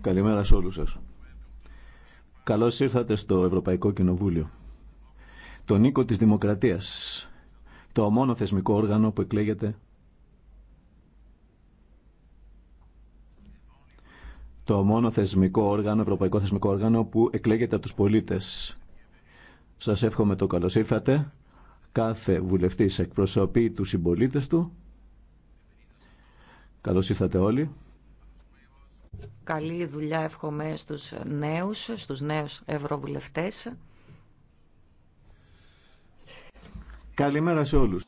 Καλημέρα σε όλους σας. Καλώς ήρθατε στο Ευρωπαϊκό Κοινοβούλιο. Το νίκο της δημοκρατίας. Το μόνο θεσμικό όργανο που εκλέγεται το μόνο θεσμικό όργανο, ευρωπαϊκό θεσμικό όργανο που εκλέγεται από τους πολίτες. Σας εύχομαι το καλώς ήρθατε. Κάθε βουλευτής εκπροσωπεί τους συμπολίτε του. Καλώς ήρθατε όλοι. Καλή δουλειά εύχομαι στους νέους, στους νέους ευρωβουλευτές. Καλημέρα σε όλους.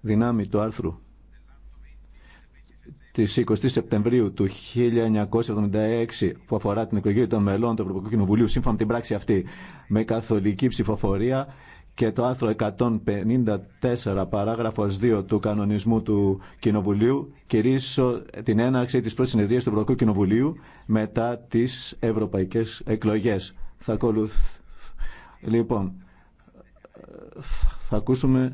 Δυνάμει του άρθρου της 20 Σεπτεμβρίου του 1976 που αφορά την εκλογή των μελών του Ευρωπαϊκού Κοινοβουλίου σύμφωνα με την πράξη αυτή με καθολική ψηφοφορία και το άρθρο 154 παράγραφος 2 του κανονισμού του Κοινοβουλίου κηρύσσω την έναρξη της πρώτης συνεδρίας του Ευρωπαϊκού Κοινοβουλίου μετά τις ευρωπαϊκές εκλογές. Θα Λοιπόν, θα ακούσουμε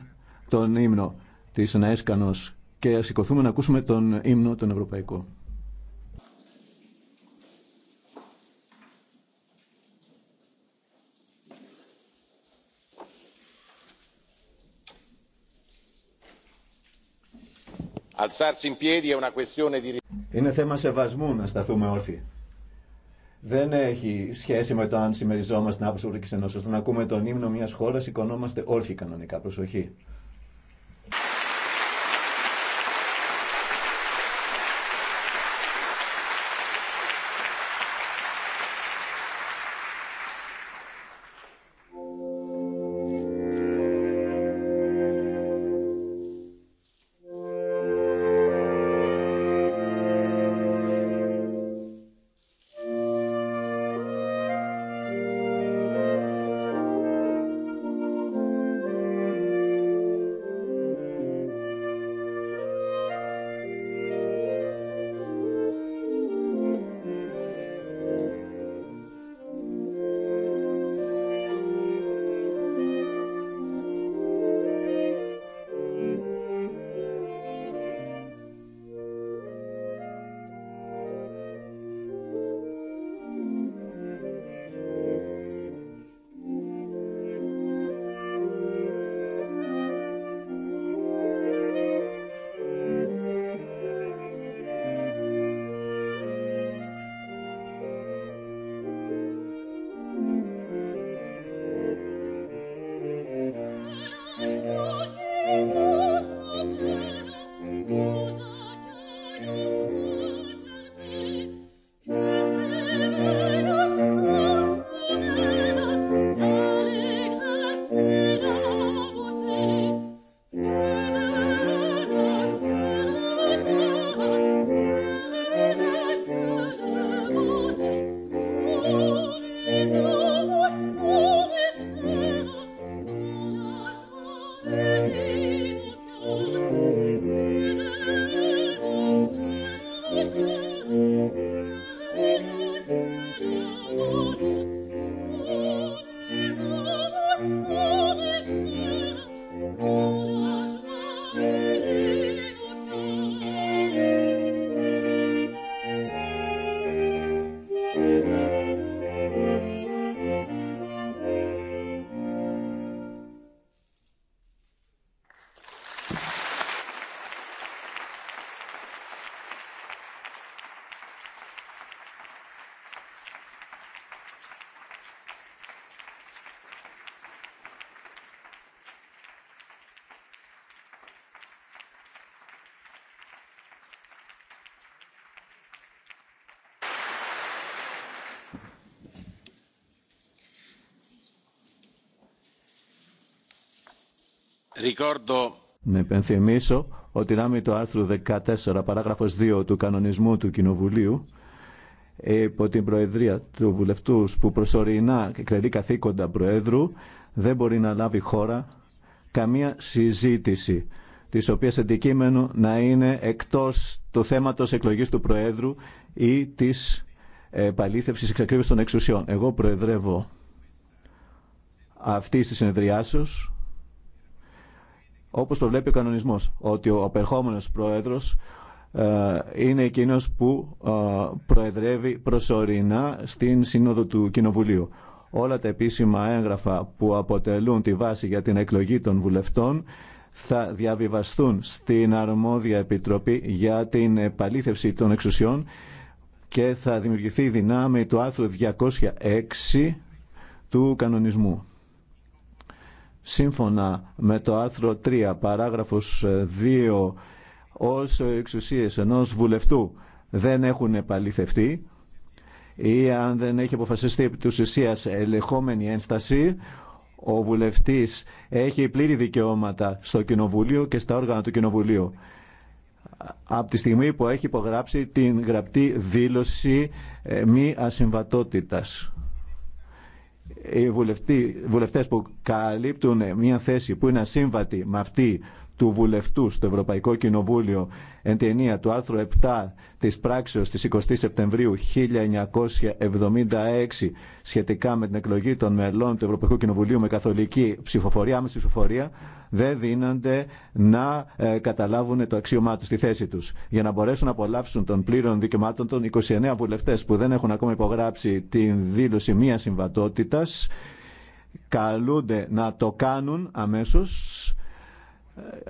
τον ύμνο της Ναέσκανος και σηκωθούμε να ακούσουμε τον ύμνο τον Ευρωπαϊκό. Είναι θέμα σεβασμού να σταθούμε όρθιοι. Δεν έχει σχέση με το αν συμμεριζόμαστε την άποψη του Όταν ακούμε τον ύμνο μια χώρα, σηκωνόμαστε όρθιοι κανονικά. Προσοχή. Να υπενθυμίσω ότι μην το άρθρο 14 παράγραφος 2 του κανονισμού του Κοινοβουλίου υπό την Προεδρία του βουλευτού που προσωρινά εκτελεί καθήκοντα Προέδρου δεν μπορεί να λάβει χώρα καμία συζήτηση της οποίας αντικείμενο να είναι εκτός του θέματος εκλογής του Προέδρου ή της ε, παλήθευσης εξακρίβησης των εξουσιών. Εγώ προεδρεύω αυτή τη συνεδριάσεως όπως το βλέπει ο κανονισμός, ότι ο απερχόμενος πρόεδρος ε, είναι εκείνος που ε, προεδρεύει προσωρινά στην Σύνοδο του Κοινοβουλίου. Όλα τα επίσημα έγγραφα που αποτελούν τη βάση για την εκλογή των βουλευτών θα διαβιβαστούν στην αρμόδια επιτροπή για την επαλήθευση των εξουσιών και θα δημιουργηθεί δυνάμει του άρθρου 206 του κανονισμού σύμφωνα με το άρθρο 3 παράγραφος 2 ε, όσο οι εξουσίες ενός βουλευτού δεν έχουν επαληθευτεί ή αν δεν έχει αποφασιστεί επί τους ουσίας ελεγχόμενη ένσταση ο βουλευτής έχει πλήρη δικαιώματα στο Κοινοβουλίο και στα όργανα του Κοινοβουλίου από τη στιγμή που έχει υπογράψει την γραπτή δήλωση ε, μη ασυμβατότητας οι βουλευτές που καλύπτουν μια θέση που είναι ασύμβατη με αυτή του βουλευτού στο Ευρωπαϊκό Κοινοβούλιο εν ταινία του άρθρου 7 της πράξεως της 20 Σεπτεμβρίου 1976 σχετικά με την εκλογή των μελών του Ευρωπαϊκού Κοινοβουλίου με καθολική ψηφοφορία, άμεση ψηφοφορία, δεν δίνονται να ε, καταλάβουν το αξίωμά του τη θέση τους. Για να μπορέσουν να απολαύσουν των πλήρων δικαιωμάτων των 29 βουλευτέ που δεν έχουν ακόμα υπογράψει την δήλωση μία συμβατότητα, καλούνται να το κάνουν αμέσω.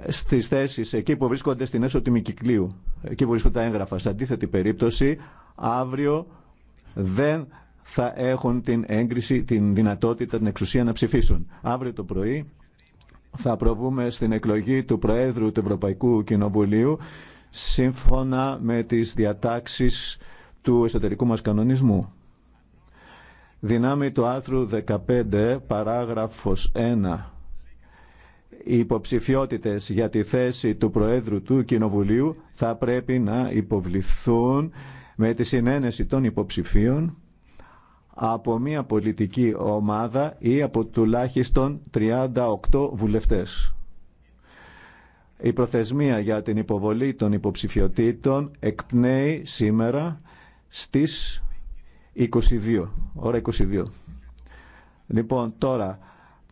Στι θέσει εκεί που βρίσκονται στην έσω κυκλίου. εκεί που βρίσκονται τα έγγραφα. Σε αντίθετη περίπτωση, αύριο δεν θα έχουν την έγκριση, την δυνατότητα, την εξουσία να ψηφίσουν. Αύριο το πρωί θα προβούμε στην εκλογή του Προέδρου του Ευρωπαϊκού Κοινοβουλίου σύμφωνα με τις διατάξεις του εσωτερικού μας κανονισμού. Δυνάμει του άρθρου 15 παράγραφος 1 οι υποψηφιότητες για τη θέση του Προέδρου του Κοινοβουλίου θα πρέπει να υποβληθούν με τη συνένεση των υποψηφίων από μια πολιτική ομάδα ή από τουλάχιστον 38 βουλευτές. Η προθεσμία για την υποβολή των υποψηφιωτήτων εκπνέει σήμερα στις 22, ώρα 22. Λοιπόν, τώρα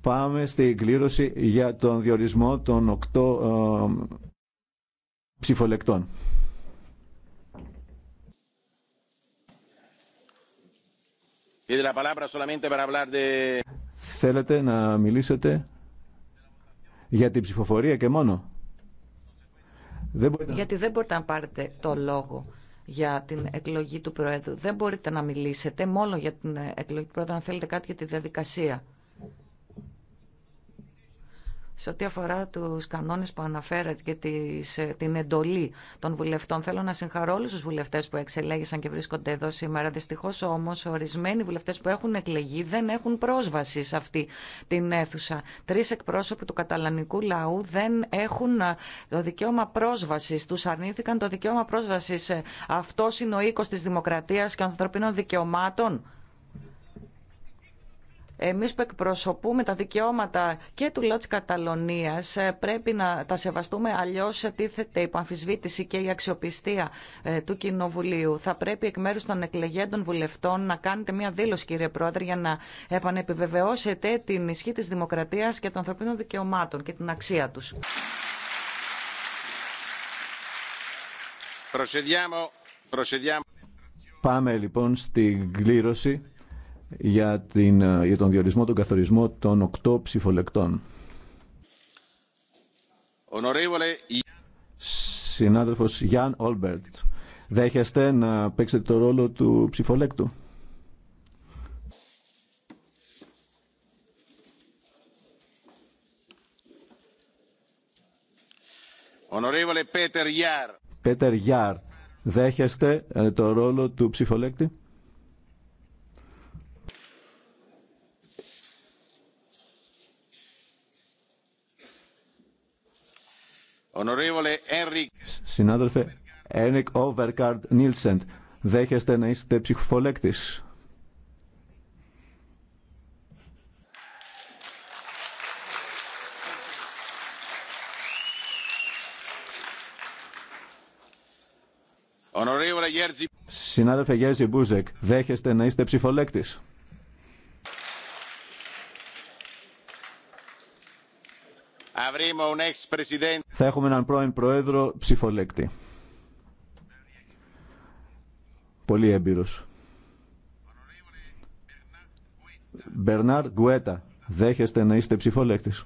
Πάμε στην κλήρωση για τον διορισμό των οκτώ ε, ψηφολεκτών. Θέλετε να μιλήσετε για την ψηφοφορία και μόνο. Δεν Γιατί δεν μπορείτε να πάρετε το λόγο για την εκλογή του Προέδρου. Δεν μπορείτε να μιλήσετε μόνο για την εκλογή του Προέδρου αν θέλετε κάτι για τη διαδικασία σε ό,τι αφορά τους κανόνες που αναφέρατε και τις, ε, την εντολή των βουλευτών, θέλω να συγχαρώ όλους τους βουλευτές που εξελέγησαν και βρίσκονται εδώ σήμερα. Δυστυχώς όμως ορισμένοι βουλευτές που έχουν εκλεγεί δεν έχουν πρόσβαση σε αυτή την αίθουσα. Τρεις εκπρόσωποι του καταλανικού λαού δεν έχουν ε, το δικαίωμα πρόσβασης. Τους αρνήθηκαν το δικαίωμα πρόσβασης. Ε, Αυτό είναι ο οίκος της δημοκρατίας και ανθρωπίνων δικαιωμάτων. Εμείς που εκπροσωπούμε τα δικαιώματα και του λαού της Καταλωνίας ε, πρέπει να τα σεβαστούμε, αλλιώς τίθεται η αμφισβήτηση και η αξιοπιστία ε, του Κοινοβουλίου. Θα πρέπει εκ μέρους των εκλεγέντων βουλευτών να κάνετε μια δήλωση κύριε Πρόεδρε για να επανεπιβεβαιώσετε την ισχύ της δημοκρατίας και των ανθρωπίνων δικαιωμάτων και την αξία τους. Πάμε λοιπόν στην κλήρωση για, την, ε, τον διορισμό, τον καθορισμό των οκτώ ψηφολεκτών. Συνάδελφος Γιάν Όλμπερτ, δέχεστε να παίξετε το ρόλο του ψηφολέκτου. Πέτερ Πέτερ Γιάρ, δέχεστε ε, το ρόλο του ψηφολέκτη. Συνάδελφε Ένικ Όβερκαρντ Νίλσεντ, δέχεστε να είστε ψυχοφολέκτης. Συνάδελφε Γέρζι Μπούζεκ, δέχεστε να είστε ψηφολέκτης. Θα έχουμε έναν πρώην πρόεδρο ψηφολέκτη. Πολύ έμπειρος. Μπερνάρ Γκουέτα, δέχεστε να είστε ψηφολέκτης.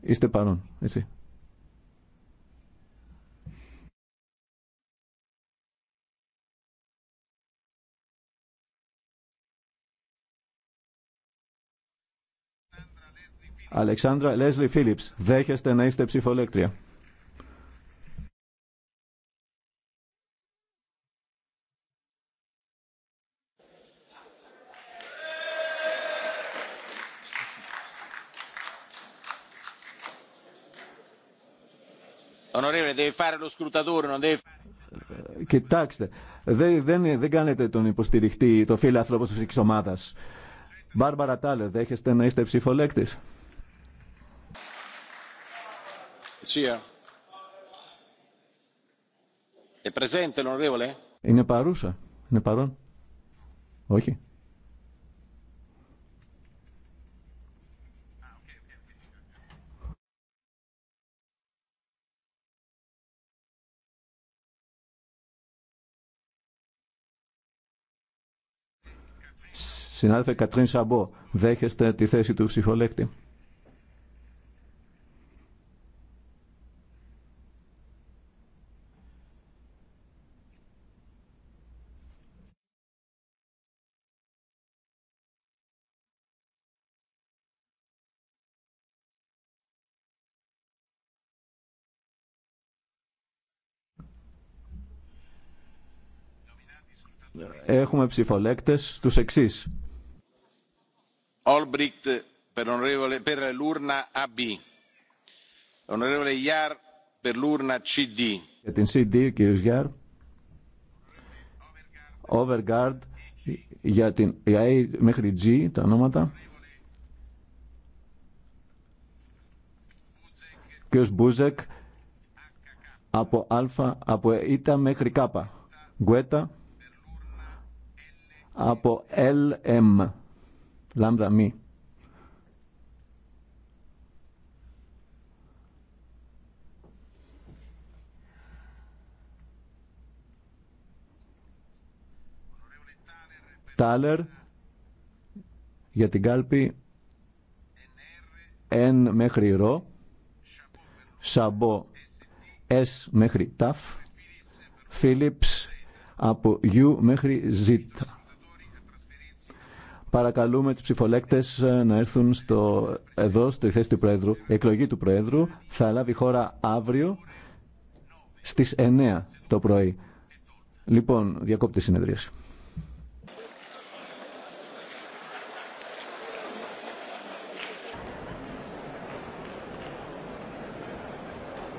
Είστε παρόν, έτσι. Αλεξάνδρα Λέσλι Φίλιπς, δέχεστε να είστε ψηφολέκτρια. Ε, κοιτάξτε, δεν, δεν, δεν κάνετε τον υποστηριχτή, το φίλο άνθρωπο τη ομάδα. Μπάρμπαρα Τάλερ, δέχεστε να είστε ψηφολέκτης. Eh. Είναι παρούσα. Είναι παρόν. Όχι. Συνάδελφε Κατρίν Σαμπό, δέχεστε τη θέση του ψυχολέκτη έχουμε ψηφολέκτες τους εξής. Olbricht per, onorevole, per l'urna AB. Onorevole per l'urna CD. Για την CD, κύριος Γιάρ. Overguard για την για A μέχρι G τα ονόματα. Κύριος Μπούζεκ από Α, από Ι μέχρι Γκουέτα. Γκουέτα από LM, λάμδα μη. Τάλερ για την κάλπη N μέχρι ρο, Σαμπό S μέχρι ταφ, Φίλιπς. από U μέχρι ΖΙΤΑ. Παρακαλούμε τους ψηφολέκτες ε, να έρθουν στο, εδώ, στη θέση του Πρόεδρου. Η εκλογή του Πρόεδρου θα λάβει χώρα αύριο στις 9 το πρωί. Λοιπόν, διακόπτη συνεδρίαση.